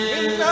Amen.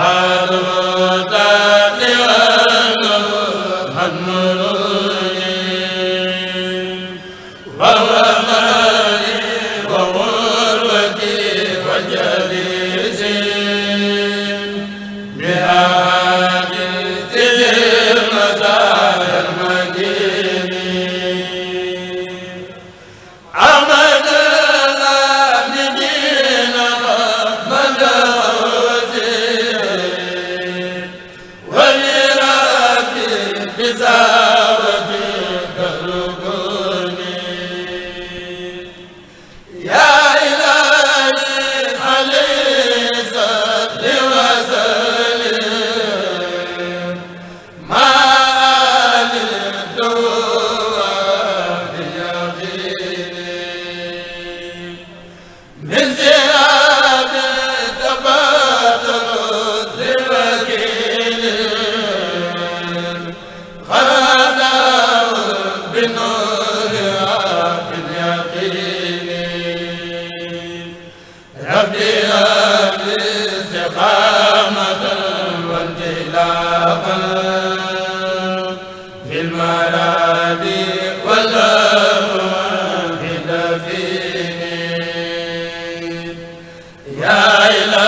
a la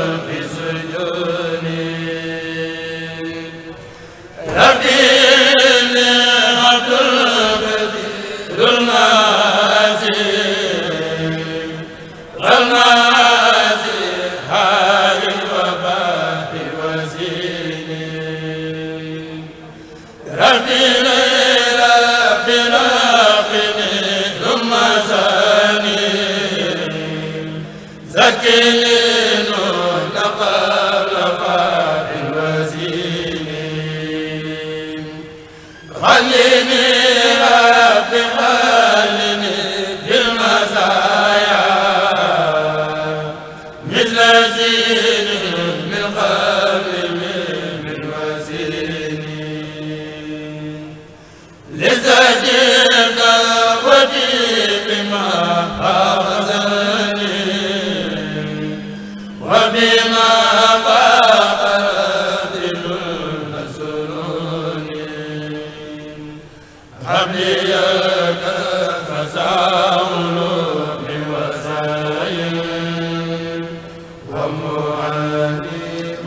Zakil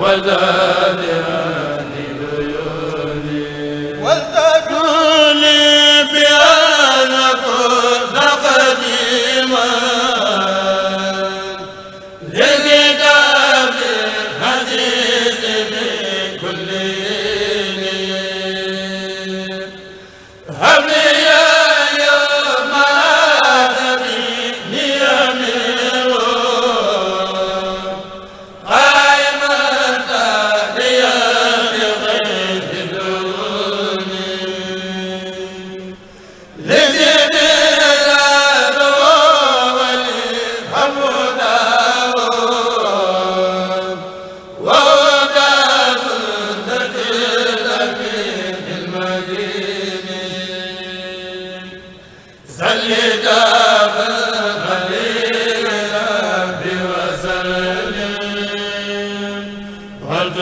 wala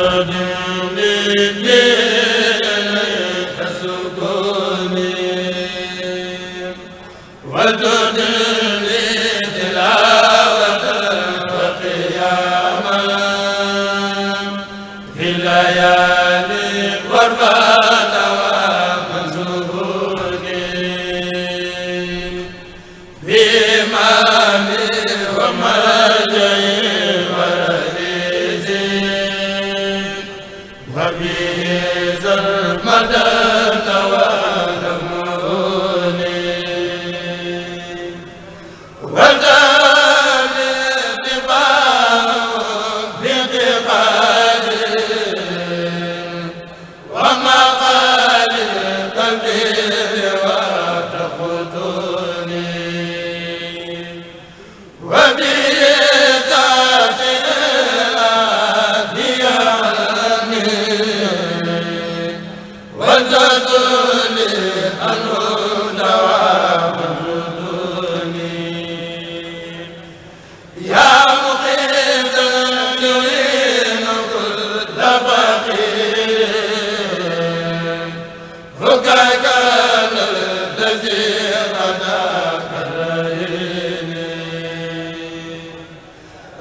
moo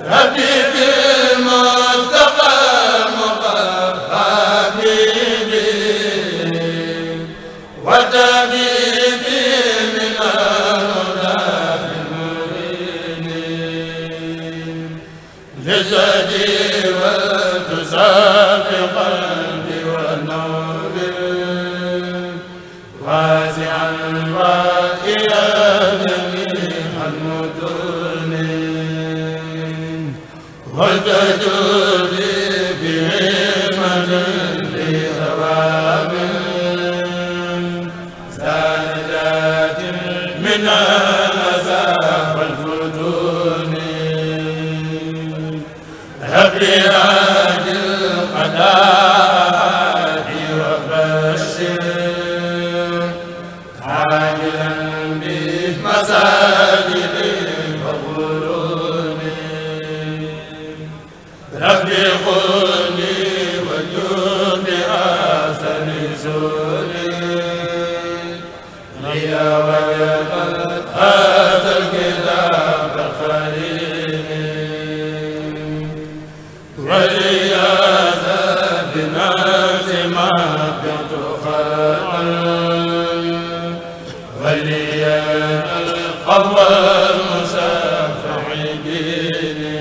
Amin multadul المسافع ديني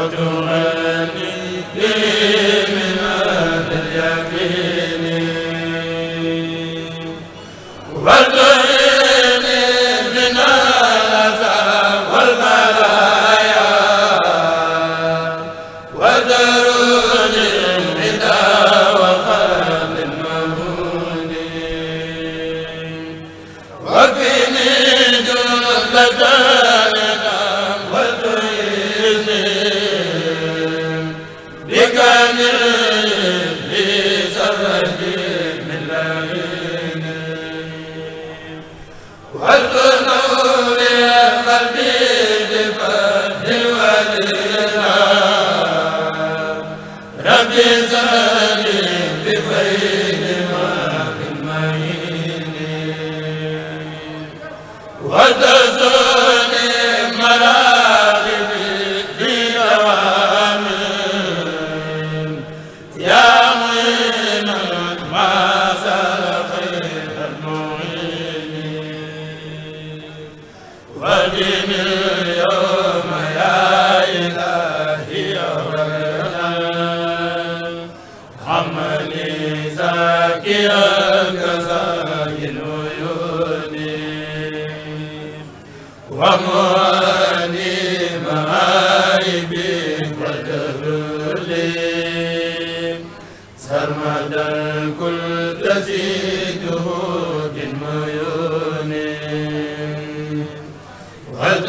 وتغني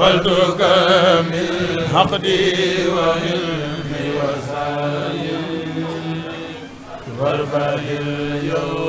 ولتكمل حقدي وعلمي وسعي وارفع اليوم